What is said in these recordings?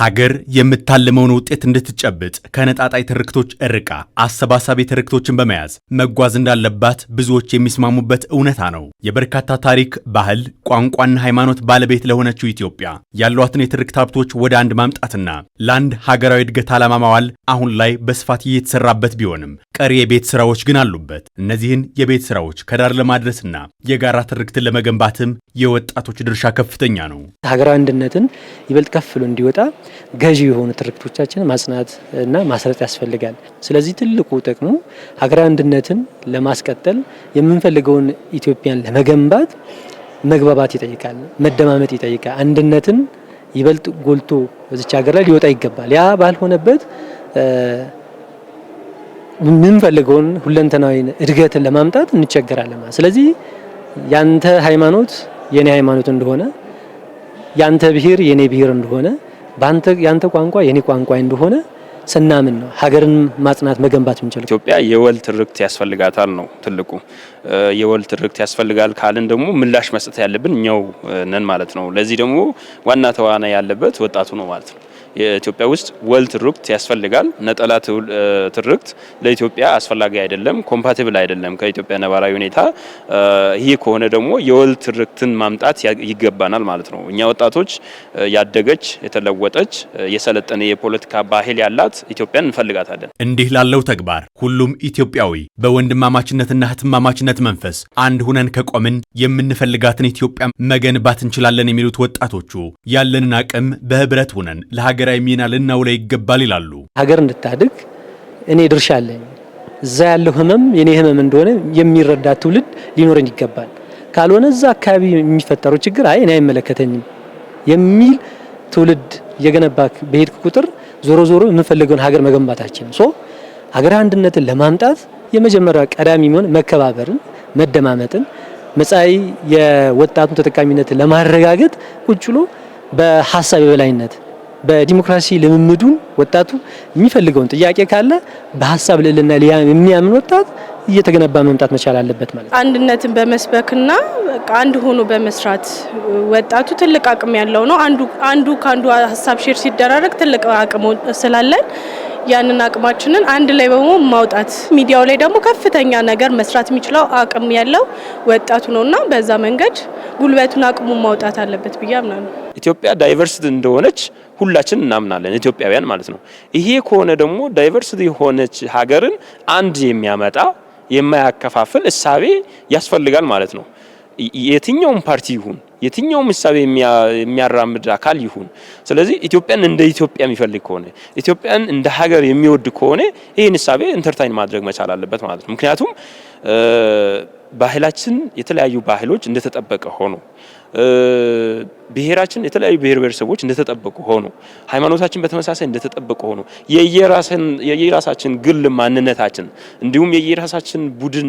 ሀገር የምታልመውን ውጤት እንድትጨብጥ ከነጣጣይ ትርክቶች እርቃ አሰባሳቢ ትርክቶችን በመያዝ መጓዝ እንዳለባት ብዙዎች የሚስማሙበት እውነታ ነው። የበርካታ ታሪክ፣ ባህል፣ ቋንቋና ሃይማኖት ባለቤት ለሆነችው ኢትዮጵያ ያሏትን የትርክት ሀብቶች ወደ አንድ ማምጣትና ለአንድ ሀገራዊ እድገት ዓላማ ማዋል አሁን ላይ በስፋት እየተሰራበት ቢሆንም ቀሪ የቤት ስራዎች ግን አሉበት። እነዚህን የቤት ስራዎች ከዳር ለማድረስና የጋራ ትርክትን ለመገንባትም የወጣቶች ድርሻ ከፍተኛ ነው። ሀገራዊ አንድነትን ይበልጥ ከፍ ብሎ እንዲወጣ ገዢ የሆኑ ትርክቶቻችን ማጽናት እና ማስረጥ ያስፈልጋል። ስለዚህ ትልቁ ጥቅሙ ሀገራዊ አንድነትን ለማስቀጠል የምንፈልገውን ኢትዮጵያን ለመገንባት መግባባት ይጠይቃል፣ መደማመጥ ይጠይቃል። አንድነትን ይበልጥ ጎልቶ በዚች ሀገር ላይ ሊወጣ ይገባል። ያ ባልሆነበት የምንፈልገውን ሁለንተናዊ እድገትን ለማምጣት እንቸገራለን። ስለዚህ ያንተ ሃይማኖት የኔ ሃይማኖት እንደሆነ፣ ያንተ ብሄር የኔ ብሄር እንደሆነ፣ ያንተ ቋንቋ የኔ ቋንቋ እንደሆነ ስናምን ነው ሀገርን ማጽናት መገንባት የምንችለው። ኢትዮጵያ የወል ትርክት ያስፈልጋታል ነው ትልቁ። የወል ትርክት ያስፈልጋል ካልን ደግሞ ምላሽ መስጠት ያለብን እኛው ነን ማለት ነው። ለዚህ ደግሞ ዋና ተዋና ያለበት ወጣቱ ነው ማለት ነው። የኢትዮጵያ ውስጥ ወል ትርክት ያስፈልጋል። ነጠላ ትርክት ለኢትዮጵያ አስፈላጊ አይደለም፣ ኮምፓቲብል አይደለም ከኢትዮጵያ ነባራዊ ሁኔታ። ይህ ከሆነ ደግሞ የወል ትርክትን ማምጣት ይገባናል ማለት ነው። እኛ ወጣቶች ያደገች፣ የተለወጠች፣ የሰለጠነ የፖለቲካ ባህል ያላት ኢትዮጵያን እንፈልጋታለን። እንዲህ ላለው ተግባር ሁሉም ኢትዮጵያዊ በወንድማማችነትና ህትማማችነት መንፈስ አንድ ሁነን ከቆምን የምንፈልጋትን ኢትዮጵያ መገንባት እንችላለን የሚሉት ወጣቶቹ ያለንን አቅም በህብረት ሁነን ለሀገር ሀገራዊ ሚና ልናውላ ይገባል ይላሉ። ሀገር እንድታድግ እኔ ድርሻ አለኝ። እዛ ያለው ህመም የኔ ህመም እንደሆነ የሚረዳ ትውልድ ሊኖረን ይገባል። ካልሆነ እዛ አካባቢ የሚፈጠረው ችግር አይ እኔ አይመለከተኝም የሚል ትውልድ የገነባ በሄድክ ቁጥር ዞሮ ዞሮ የምንፈልገውን ሀገር መገንባታችን ሶ ሀገር አንድነትን ለማምጣት የመጀመሪያ ቀዳሚ የሚሆን መከባበርን፣ መደማመጥን መጻኢ የወጣቱን ተጠቃሚነት ለማረጋገጥ ቁጭሎ በሀሳብ የበላይነት በዲሞክራሲ ልምምዱን ወጣቱ የሚፈልገውን ጥያቄ ካለ በሀሳብ ልዕልና የሚያምን ወጣት እየተገነባ መምጣት መቻል አለበት ማለት አንድነትን በመስበክና አንድ ሆኖ በመስራት ወጣቱ ትልቅ አቅም ያለው ነው። አንዱ አንዱ ከአንዱ ሀሳብ ሼር ሲደራረግ ትልቅ አቅም ስላለን ያንን አቅማችንን አንድ ላይ በመሆን ማውጣት። ሚዲያው ላይ ደግሞ ከፍተኛ ነገር መስራት የሚችለው አቅም ያለው ወጣቱ እና በዛ መንገድ ጉልበቱን አቅሙ ማውጣት አለበት ብዬ አምናለሁ። ኢትዮጵያ ዳይቨርሲቲ እንደሆነች ሁላችን እናምናለን፣ ኢትዮጵያውያን ማለት ነው። ይሄ ከሆነ ደግሞ ዳይቨርስቲ የሆነች ሀገርን አንድ የሚያመጣ የማያከፋፍል እሳቤ ያስፈልጋል ማለት ነው። የትኛውም ፓርቲ ይሁን የትኛውም እሳቤ የሚያራምድ አካል ይሁን። ስለዚህ ኢትዮጵያን እንደ ኢትዮጵያ የሚፈልግ ከሆነ ኢትዮጵያን እንደ ሀገር የሚወድ ከሆነ ይህን እሳቤ ኢንተርታይን ማድረግ መቻል አለበት ማለት ነው። ምክንያቱም ባህላችን የተለያዩ ባህሎች እንደተጠበቀ ሆኖ ብሔራችን የተለያዩ ብሔር ብሔረሰቦች እንደተጠበቁ ሆኖ ሃይማኖታችን በተመሳሳይ እንደተጠበቁ ሆኖ የየራሳችን ግል ማንነታችን እንዲሁም የየራሳችን ቡድን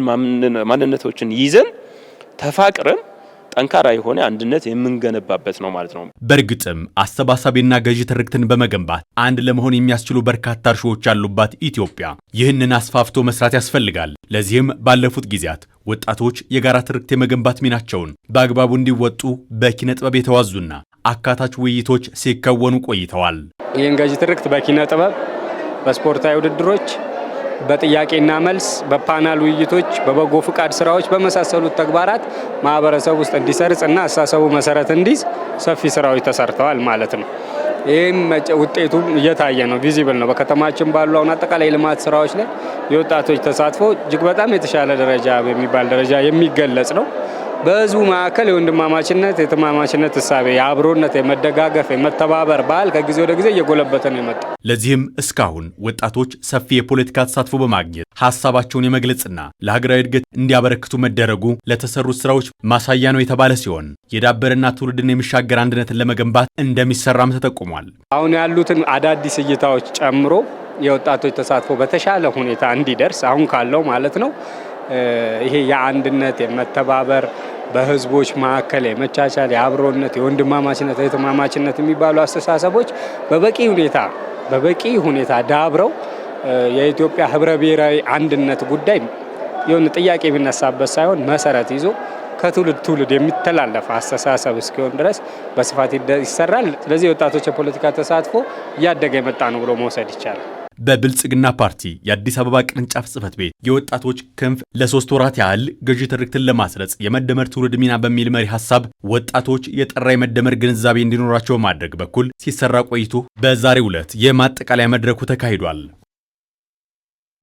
ማንነቶችን ይዘን ተፋቅረን ጠንካራ የሆነ አንድነት የምንገነባበት ነው ማለት ነው። በእርግጥም አሰባሳቢና ገዢ ትርክትን በመገንባት አንድ ለመሆን የሚያስችሉ በርካታ እርሾዎች ያሉባት ኢትዮጵያ ይህንን አስፋፍቶ መስራት ያስፈልጋል። ለዚህም ባለፉት ጊዜያት ወጣቶች የጋራ ትርክት የመገንባት ሚናቸውን በአግባቡ እንዲወጡ በኪነ ጥበብ የተዋዙና አካታች ውይይቶች ሲከወኑ ቆይተዋል። ይህን ገዢ ትርክት በኪነ ጥበብ፣ በስፖርታዊ ውድድሮች በጥያቄና መልስ፣ በፓናል ውይይቶች፣ በበጎ ፍቃድ ስራዎች በመሳሰሉት ተግባራት ማህበረሰብ ውስጥ እንዲሰርጽ እና አሳሰቡ መሰረት እንዲይዝ ሰፊ ስራዎች ተሰርተዋል ማለት ነው። ይህም ውጤቱ እየታየ ነው፣ ቪዚብል ነው። በከተማችን ባሉ አሁን አጠቃላይ ልማት ስራዎች ላይ የወጣቶች ተሳትፎ እጅግ በጣም የተሻለ ደረጃ በሚባል ደረጃ የሚገለጽ ነው። በህዝቡ መካከል የወንድማማችነት የተማማችነት እሳቤ የአብሮነት፣ የመደጋገፍ፣ የመተባበር ባህል ከጊዜ ወደ ጊዜ እየጎለበተ ነው የመጣ። ለዚህም እስካሁን ወጣቶች ሰፊ የፖለቲካ ተሳትፎ በማግኘት ሀሳባቸውን የመግለጽና ለሀገራዊ እድገት እንዲያበረክቱ መደረጉ ለተሰሩት ስራዎች ማሳያ ነው የተባለ ሲሆን የዳበረና ትውልድን የሚሻገር አንድነትን ለመገንባት እንደሚሰራም ተጠቁሟል። አሁን ያሉትን አዳዲስ እይታዎች ጨምሮ የወጣቶች ተሳትፎ በተሻለ ሁኔታ እንዲደርስ አሁን ካለው ማለት ነው ይሄ የአንድነት የመተባበር በህዝቦች መካከል የመቻቻል፣ የአብሮነት፣ የወንድማማችነት፣ የተማማችነት የሚባሉ አስተሳሰቦች በበቂ ሁኔታ በበቂ ሁኔታ ዳብረው የኢትዮጵያ ህብረ ብሔራዊ አንድነት ጉዳይ የሆነ ጥያቄ የሚነሳበት ሳይሆን መሰረት ይዞ ከትውልድ ትውልድ የሚተላለፍ አስተሳሰብ እስኪሆን ድረስ በስፋት ይሰራል። ስለዚህ የወጣቶች የፖለቲካ ተሳትፎ እያደገ የመጣ ነው ብሎ መውሰድ ይቻላል። በብልጽግና ፓርቲ የአዲስ አበባ ቅርንጫፍ ጽህፈት ቤት የወጣቶች ክንፍ ለሶስት ወራት ያህል ገዢ ትርክትን ለማስረጽ የመደመር ትውልድ ሚና በሚል መሪ ሀሳብ ወጣቶች የጠራ የመደመር ግንዛቤ እንዲኖራቸው ማድረግ በኩል ሲሰራ ቆይቶ በዛሬው ዕለት የማጠቃለያ መድረኩ ተካሂዷል።